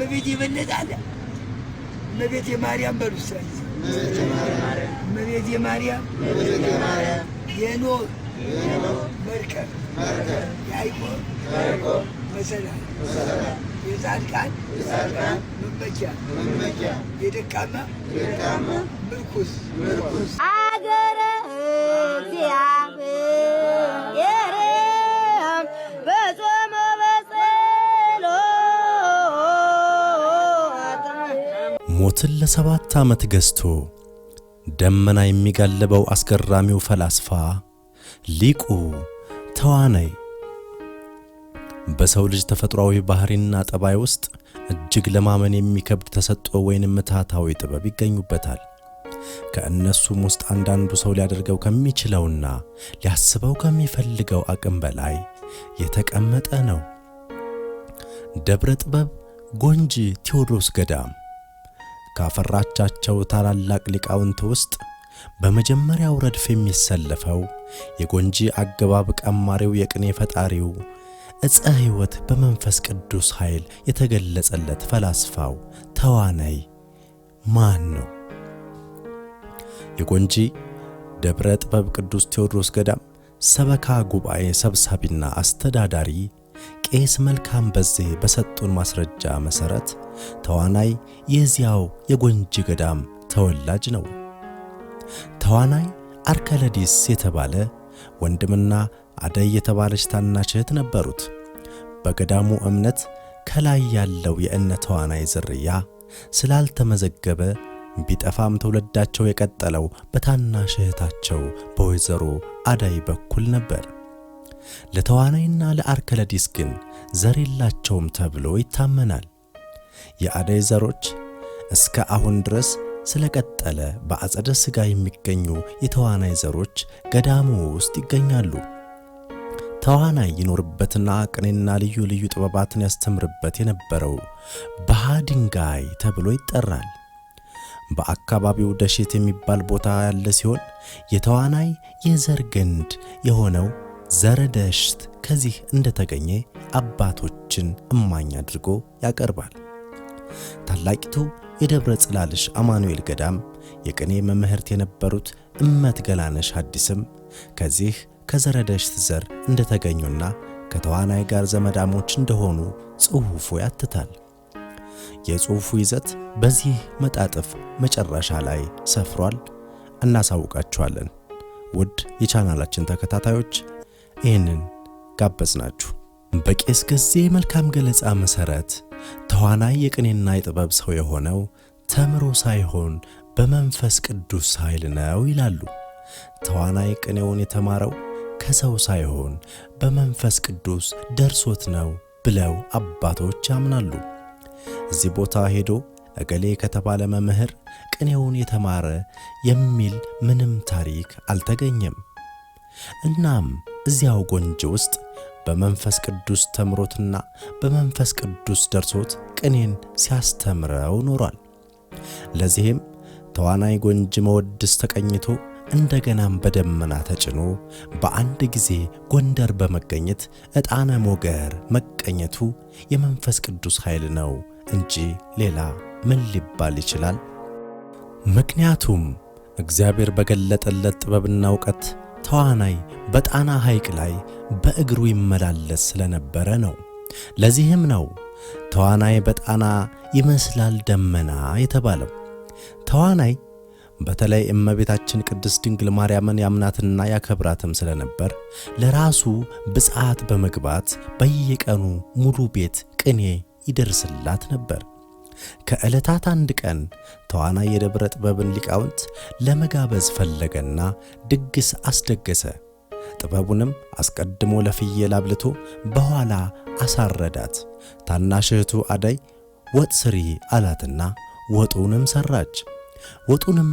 እመቤቴ በለጠ አለ እመቤቴ ማርያም በሉሳ እመቤቴ ማርያም የኖህ መርከብ ያዕቆብ መሰላል የጻድቃን መመኪያ የደካማ ምርኩስ አገረ እግዚአብሔር ሕይወትን ለሰባት ዓመት ገዝቶ ደመና የሚጋልበው አስገራሚው ፈላስፋ ሊቁ ተዋናይ በሰው ልጅ ተፈጥሯዊ ባህሪና ጠባይ ውስጥ እጅግ ለማመን የሚከብድ ተሰጥኦ ወይንም ምትሃታዊ ጥበብ ይገኙበታል። ከእነሱም ውስጥ አንዳንዱ ሰው ሊያደርገው ከሚችለውና ሊያስበው ከሚፈልገው አቅም በላይ የተቀመጠ ነው። ደብረ ጥበብ ጎንጂ ቴዎድሮስ ገዳም ካፈራቻቸው ታላላቅ ሊቃውንት ውስጥ በመጀመሪያው ረድፍ የሚሰለፈው የጎንጂ አገባብ ቀማሪው የቅኔ ፈጣሪው ዕፀ ሕይወት በመንፈስ ቅዱስ ኃይል የተገለጸለት ፈላስፋው ተዋናይ ማን ነው? የጎንጂ ደብረ ጥበብ ቅዱስ ቴዎድሮስ ገዳም ሰበካ ጉባኤ ሰብሳቢና አስተዳዳሪ ቄስ መልካም በዜ በሰጡን ማስረጃ መሠረት ተዋናይ የዚያው የጎንጂ ገዳም ተወላጅ ነው። ተዋናይ አርከለዲስ የተባለ ወንድምና አደይ የተባለች ታናሽ እህት ነበሩት። በገዳሙ እምነት ከላይ ያለው የእነ ተዋናይ ዝርያ ስላልተመዘገበ ቢጠፋም ትውልዳቸው የቀጠለው በታናሽ እህታቸው በወይዘሮ አዳይ በኩል ነበር። ለተዋናይና ለአርከለዲስ ግን ዘር የላቸውም ተብሎ ይታመናል። የአደይ ዘሮች እስከ አሁን ድረስ ስለቀጠለ በአጸደ ሥጋ የሚገኙ የተዋናይ ዘሮች ገዳሙ ውስጥ ይገኛሉ። ተዋናይ ይኖርበትና ቅኔና ልዩ ልዩ ጥበባትን ያስተምርበት የነበረው ባህ ድንጋይ ተብሎ ይጠራል። በአካባቢው ደሴት የሚባል ቦታ ያለ ሲሆን የተዋናይ የዘር ግንድ የሆነው ዘረደሽት ከዚህ እንደተገኘ አባቶችን እማኝ አድርጎ ያቀርባል። ታላቂቱ የደብረ ጽላልሽ አማኑኤል ገዳም የቅኔ መምህርት የነበሩት እመት ገላነሽ አዲስም ከዚህ ከዘረደሽት ዘር እንደተገኙና ከተዋናይ ጋር ዘመዳሞች እንደሆኑ ጽሑፉ ያትታል። የጽሑፉ ይዘት በዚህ መጣጥፍ መጨረሻ ላይ ሰፍሯል። እናሳውቃችኋለን። ውድ የቻናላችን ተከታታዮች ይህንን ጋበዝ ናችሁ በቄስ ጊዜ መልካም ገለጻ መሠረት ተዋናይ የቅኔና የጥበብ ሰው የሆነው ተምሮ ሳይሆን በመንፈስ ቅዱስ ኃይል ነው ይላሉ። ተዋናይ ቅኔውን የተማረው ከሰው ሳይሆን በመንፈስ ቅዱስ ደርሶት ነው ብለው አባቶች ያምናሉ። እዚህ ቦታ ሄዶ እገሌ ከተባለ መምህር ቅኔውን የተማረ የሚል ምንም ታሪክ አልተገኘም። እናም እዚያው ጎንጂ ውስጥ በመንፈስ ቅዱስ ተምሮትና በመንፈስ ቅዱስ ደርሶት ቅኔን ሲያስተምረው ኖሯል። ለዚህም ተዋናይ ጎንጂ መወድስ ተቀኝቶ እንደገናም በደመና ተጭኖ በአንድ ጊዜ ጎንደር በመገኘት ዕጣነ ሞገር መቀኘቱ የመንፈስ ቅዱስ ኃይል ነው እንጂ ሌላ ምን ሊባል ይችላል? ምክንያቱም እግዚአብሔር በገለጠለት ጥበብና እውቀት ተዋናይ በጣና ሐይቅ ላይ በእግሩ ይመላለስ ስለነበረ ነው። ለዚህም ነው ተዋናይ በጣና ይመስላል ደመና የተባለው። ተዋናይ በተለይ እመቤታችን ቅድስት ድንግል ማርያምን ያምናትና ያከብራትም ስለነበር ለራሱ ብፅዓት በመግባት በየቀኑ ሙሉ ቤት ቅኔ ይደርስላት ነበር። ከዕለታት አንድ ቀን ተዋና የደብረ ጥበብን ሊቃውንት ለመጋበዝ ፈለገና ድግስ አስደገሰ። ጥበቡንም አስቀድሞ ለፍየል አብልቶ በኋላ አሳረዳት። ታናሽ እህቱ አዳይ ወጥ ስሪ አላትና ወጡንም ሰራች። ወጡንም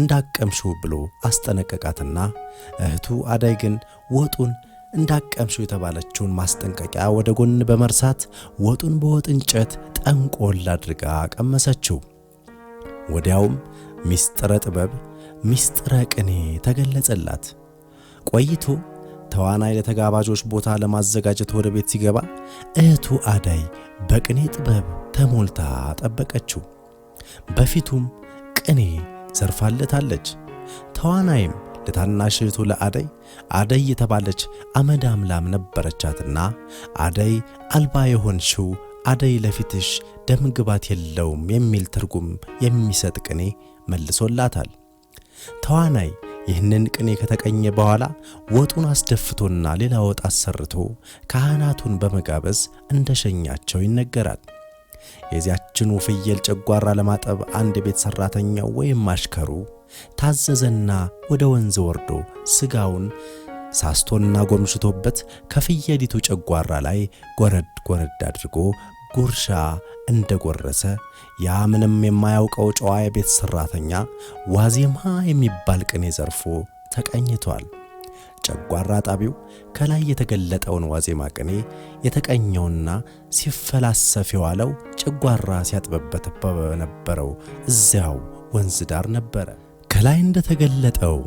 እንዳቀምሹ ብሎ አስጠነቀቃትና እህቱ አዳይ ግን ወጡን እንዳቀምሹ የተባለችውን ማስጠንቀቂያ ወደ ጎን በመርሳት ወጡን በወጥ እንጨት ጠንቆል አድርጋ ቀመሰችው። ወዲያውም ሚስጥረ ጥበብ፣ ሚስጥረ ቅኔ ተገለጸላት። ቆይቶ ተዋናይ ለተጋባዦች ቦታ ለማዘጋጀት ወደ ቤት ሲገባ እህቱ አዳይ በቅኔ ጥበብ ተሞልታ ጠበቀችው። በፊቱም ቅኔ ዘርፋለታለች። ተዋናይም ለታናሽ እህቱ ለአደይ አደይ የተባለች አመዳም ላም ነበረቻትና አደይ አልባ የሆንሽው አደይ ለፊትሽ ደም ግባት የለውም የሚል ትርጉም የሚሰጥ ቅኔ መልሶላታል። ተዋናይ ይህንን ቅኔ ከተቀኘ በኋላ ወጡን አስደፍቶና ሌላ ወጥ አሰርቶ ካህናቱን በመጋበዝ እንደሸኛቸው ይነገራል። የዚያ ያችኑ ፍየል ጨጓራ ለማጠብ አንድ ቤት ሠራተኛው ወይም አሽከሩ ታዘዘና ወደ ወንዝ ወርዶ ሥጋውን ሳስቶና ጎምሽቶበት ከፍየሊቱ ጨጓራ ላይ ጎረድ ጎረድ አድርጎ ጉርሻ እንደጎረሰ ያ ምንም የማያውቀው ጨዋ የቤት ሠራተኛ ዋዜማ የሚባል ቅኔ ዘርፎ ተቀኝቷል። ጨጓራ ጣቢው ከላይ የተገለጠውን ዋዜማ ቅኔ የተቀኘውና ሲፈላሰፍ የዋለው ጨጓራ ሲያጥበበት በነበረው እዚያው ወንዝ ዳር ነበረ። ከላይ እንደተገለጠው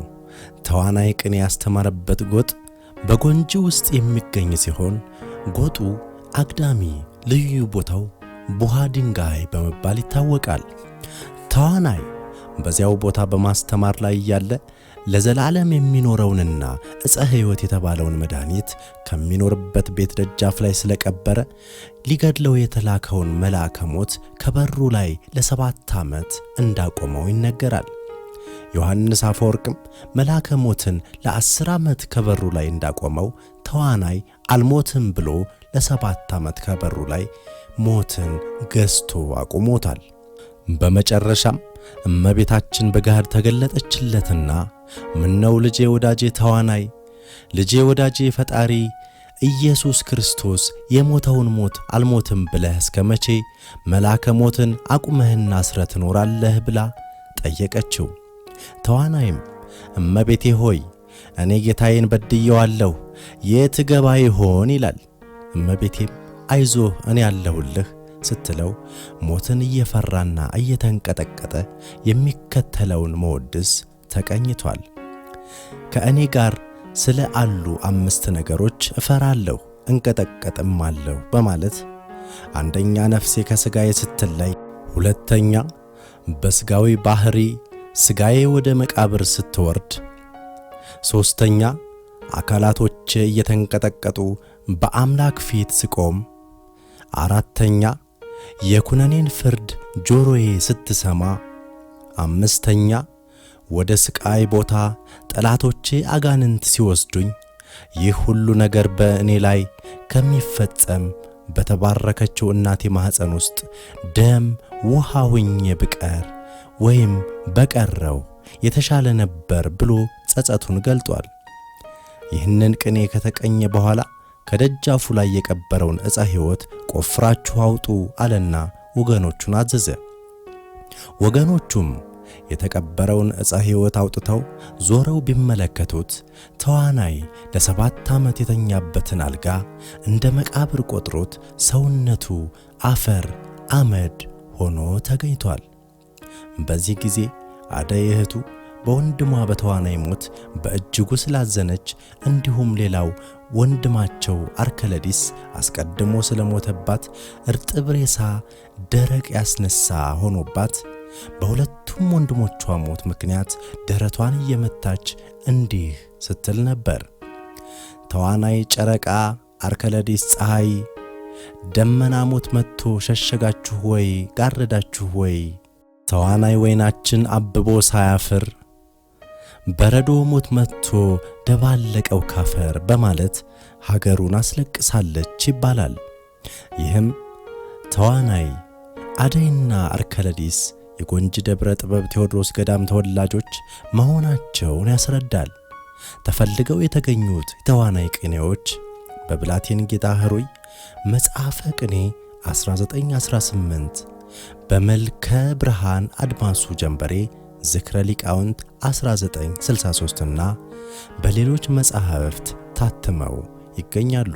ተዋናይ ቅኔ ያስተማረበት ጎጥ በጎንጂ ውስጥ የሚገኝ ሲሆን ጎጡ አግዳሚ ልዩ ቦታው ቡሃ ድንጋይ በመባል ይታወቃል። ተዋናይ በዚያው ቦታ በማስተማር ላይ እያለ ለዘላለም የሚኖረውንና ዕፀ ሕይወት የተባለውን መድኃኒት ከሚኖርበት ቤት ደጃፍ ላይ ስለቀበረ ሊገድለው የተላከውን መልአከ ሞት ከበሩ ላይ ለሰባት ዓመት እንዳቆመው ይነገራል። ዮሐንስ አፈወርቅም መልአከ ሞትን ለአስር ዓመት ከበሩ ላይ እንዳቆመው ተዋናይ አልሞትም ብሎ ለሰባት ዓመት ከበሩ ላይ ሞትን ገዝቶ አቁሞታል። በመጨረሻም እመቤታችን በጋር ተገለጠችለትና ምነው ልጄ ወዳጄ ተዋናይ ልጄ ወዳጄ ፈጣሪ ኢየሱስ ክርስቶስ የሞተውን ሞት አልሞትም ብለህ እስከ መቼ መላከ ሞትን አቁመህና አስረ ትኖራለህ ብላ ጠየቀችው። ተዋናይም እመቤቴ ሆይ እኔ ጌታዬን በድየዋለሁ የት ገባ ይሆን ይላል። እመቤቴም አይዞህ እኔ አለሁልህ ስትለው ሞትን እየፈራና እየተንቀጠቀጠ የሚከተለውን መወድስ ተቀኝቷል። ከእኔ ጋር ስለ አሉ አምስት ነገሮች እፈራለሁ እንቀጠቀጥም አለሁ በማለት አንደኛ ነፍሴ ከሥጋዬ ስትለይ፣ ሁለተኛ በሥጋዊ ባህሪ ሥጋዬ ወደ መቃብር ስትወርድ፣ ሦስተኛ አካላቶቼ እየተንቀጠቀጡ በአምላክ ፊት ስቆም፣ አራተኛ የኩነኔን ፍርድ ጆሮዬ ስትሰማ፣ አምስተኛ ወደ ስቃይ ቦታ ጠላቶቼ አጋንንት ሲወስዱኝ፣ ይህ ሁሉ ነገር በእኔ ላይ ከሚፈጸም በተባረከችው እናቴ ማኅፀን ውስጥ ደም ውሃ ሁኜ ብቀር ወይም በቀረው የተሻለ ነበር ብሎ ጸጸቱን ገልጧል። ይህንን ቅኔ ከተቀኘ በኋላ ከደጃፉ ላይ የቀበረውን ዕፀ ሕይወት ቆፍራችሁ አውጡ አለና ወገኖቹን አዘዘ። ወገኖቹም የተቀበረውን ዕፀ ሕይወት አውጥተው ዞረው ቢመለከቱት ተዋናይ ለሰባት ዓመት የተኛበትን አልጋ እንደ መቃብር ቆጥሮት ሰውነቱ አፈር አመድ ሆኖ ተገኝቷል። በዚህ ጊዜ አደይ እህቱ በወንድሟ በተዋናይ ሞት በእጅጉ ስላዘነች እንዲሁም ሌላው ወንድማቸው አርከለዲስ አስቀድሞ ስለሞተባት እርጥብ ሬሳ ደረቅ ያስነሳ ሆኖባት በሁለቱም ወንድሞቿ ሞት ምክንያት ደረቷን እየመታች እንዲህ ስትል ነበር። ተዋናይ ጨረቃ አርከለዲስ ፀሐይ፣ ደመና ሞት መጥቶ ሸሸጋችሁ ወይ ጋረዳችሁ ወይ? ተዋናይ ወይናችን አብቦ ሳያፍር በረዶ ሞት መጥቶ ደባለቀው ካፈር በማለት ሀገሩን አስለቅሳለች ይባላል። ይህም ተዋናይ አደይና አርከለዲስ የጎንጂ ደብረ ጥበብ ቴዎድሮስ ገዳም ተወላጆች መሆናቸውን ያስረዳል። ተፈልገው የተገኙት የተዋናይ ቅኔዎች በብላቴን ጌታ ህሩይ መጽሐፈ ቅኔ 1918 በመልከ ብርሃን አድማሱ ጀንበሬ ዝክረ ሊቃውንት 1963 እና በሌሎች መጻሕፍት ታትመው ይገኛሉ።